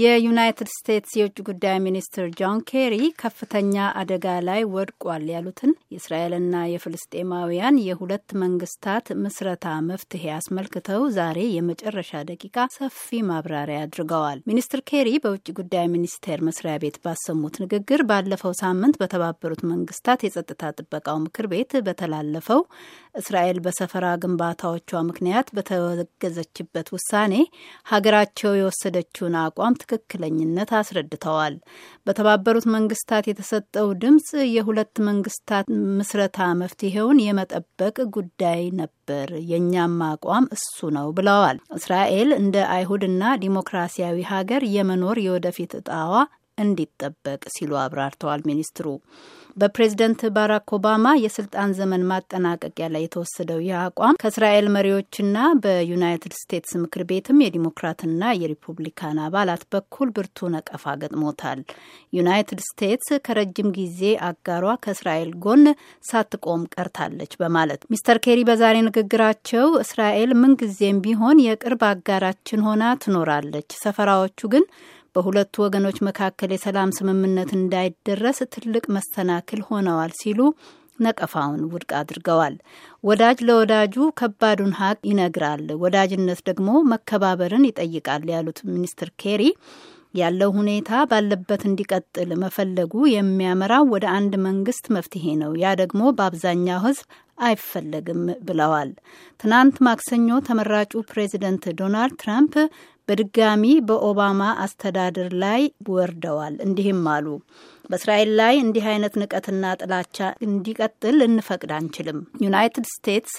የዩናይትድ ስቴትስ የውጭ ጉዳይ ሚኒስትር ጆን ኬሪ ከፍተኛ አደጋ ላይ ወድቋል ያሉትን የእስራኤልና የፍልስጤማውያን የሁለት መንግስታት ምስረታ መፍትሄ አስመልክተው ዛሬ የመጨረሻ ደቂቃ ሰፊ ማብራሪያ አድርገዋል። ሚኒስትር ኬሪ በውጭ ጉዳይ ሚኒስቴር መስሪያ ቤት ባሰሙት ንግግር ባለፈው ሳምንት በተባበሩት መንግስታት የጸጥታ ጥበቃው ምክር ቤት በተላለፈው እስራኤል በሰፈራ ግንባታዎቿ ምክንያት በተወገዘችበት ውሳኔ ሀገራቸው የወሰደችውን አቋም ትክክለኝነት አስረድተዋል። በተባበሩት መንግስታት የተሰጠው ድምፅ የሁለት መንግስታት ምስረታ መፍትሄውን የመጠበቅ ጉዳይ ነበር፣ የእኛም አቋም እሱ ነው ብለዋል። እስራኤል እንደ አይሁድና ዲሞክራሲያዊ ሀገር የመኖር የወደፊት እጣዋ እንዲጠበቅ ሲሉ አብራርተዋል ሚኒስትሩ። በፕሬዝደንት ባራክ ኦባማ የስልጣን ዘመን ማጠናቀቂያ ላይ የተወሰደው ይህ አቋም ከእስራኤል መሪዎችና በዩናይትድ ስቴትስ ምክር ቤትም የዲሞክራትና የሪፑብሊካን አባላት በኩል ብርቱ ነቀፋ ገጥሞታል። ዩናይትድ ስቴትስ ከረጅም ጊዜ አጋሯ ከእስራኤል ጎን ሳትቆም ቀርታለች በማለት ሚስተር ኬሪ በዛሬ ንግግራቸው እስራኤል ምንጊዜም ቢሆን የቅርብ አጋራችን ሆና ትኖራለች፣ ሰፈራዎቹ ግን በሁለቱ ወገኖች መካከል የሰላም ስምምነት እንዳይደረስ ትልቅ መሰናክል ሆነዋል ሲሉ ነቀፋውን ውድቅ አድርገዋል። ወዳጅ ለወዳጁ ከባዱን ሀቅ ይነግራል፣ ወዳጅነት ደግሞ መከባበርን ይጠይቃል ያሉት ሚኒስትር ኬሪ ያለው ሁኔታ ባለበት እንዲቀጥል መፈለጉ የሚያመራው ወደ አንድ መንግስት መፍትሄ ነው። ያ ደግሞ በአብዛኛው ሕዝብ አይፈለግም ብለዋል። ትናንት ማክሰኞ ተመራጩ ፕሬዚደንት ዶናልድ ትራምፕ በድጋሚ በኦባማ አስተዳደር ላይ ወርደዋል። እንዲህም አሉ በእስራኤል ላይ እንዲህ አይነት ንቀትና ጥላቻ እንዲቀጥል ልንፈቅድ አንችልም። ዩናይትድ ስቴትስ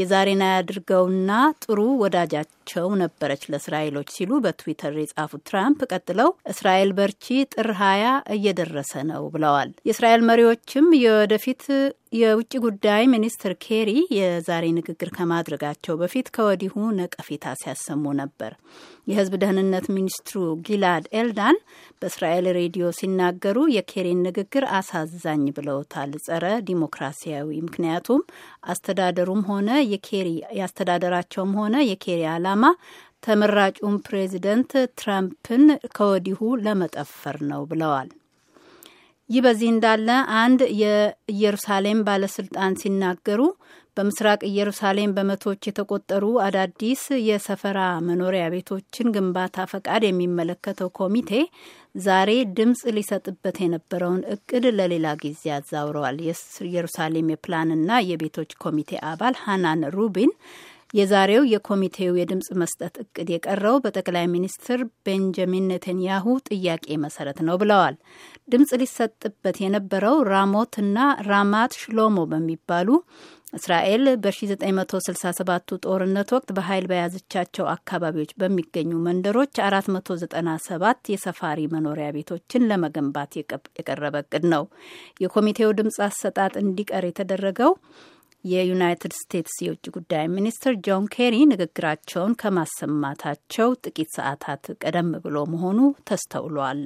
የዛሬና ያድርገውና ጥሩ ወዳጃቸው ነበረች ለእስራኤሎች ሲሉ በትዊተር የጻፉት ትራምፕ ቀጥለው እስራኤል በርቺ፣ ጥር ሀያ እየደረሰ ነው ብለዋል። የእስራኤል መሪዎችም የወደፊት የውጭ ጉዳይ ሚኒስትር ኬሪ የዛሬ ንግግር ከማድረጋቸው በፊት ከወዲሁ ነቀፌታ ሲያሰሙ ነበር። የህዝብ ደህንነት ሚኒስትሩ ጊላድ ኤልዳን በእስራኤል ሬዲዮ ሲናገሩ የኬሪን ንግግር አሳዛኝ ብለውታል። ጸረ ዲሞክራሲያዊ ምክንያቱም አስተዳደሩም ሆነ የኬሪ የአስተዳደራቸውም ሆነ የኬሪ ዓላማ ተመራጩን ፕሬዚደንት ትራምፕን ከወዲሁ ለመጠፈር ነው ብለዋል። ይህ በዚህ እንዳለ አንድ የኢየሩሳሌም ባለስልጣን ሲናገሩ በምስራቅ ኢየሩሳሌም በመቶዎች የተቆጠሩ አዳዲስ የሰፈራ መኖሪያ ቤቶችን ግንባታ ፈቃድ የሚመለከተው ኮሚቴ ዛሬ ድምፅ ሊሰጥበት የነበረውን እቅድ ለሌላ ጊዜ አዛውረዋል። የኢየሩሳሌም የፕላንና የቤቶች ኮሚቴ አባል ሃናን ሩቢን የዛሬው የኮሚቴው የድምፅ መስጠት እቅድ የቀረው በጠቅላይ ሚኒስትር ቤንጃሚን ኔተንያሁ ጥያቄ መሰረት ነው ብለዋል። ድምፅ ሊሰጥበት የነበረው ራሞት እና ራማት ሽሎሞ በሚባሉ እስራኤል በ 1967 ጦርነት ወቅት በኃይል በያዘቻቸው አካባቢዎች በሚገኙ መንደሮች 497 የሰፋሪ መኖሪያ ቤቶችን ለመገንባት የቀረበ እቅድ ነው። የኮሚቴው ድምፅ አሰጣጥ እንዲቀር የተደረገው የዩናይትድ ስቴትስ የውጭ ጉዳይ ሚኒስትር ጆን ኬሪ ንግግራቸውን ከማሰማታቸው ጥቂት ሰዓታት ቀደም ብሎ መሆኑ ተስተውሏል።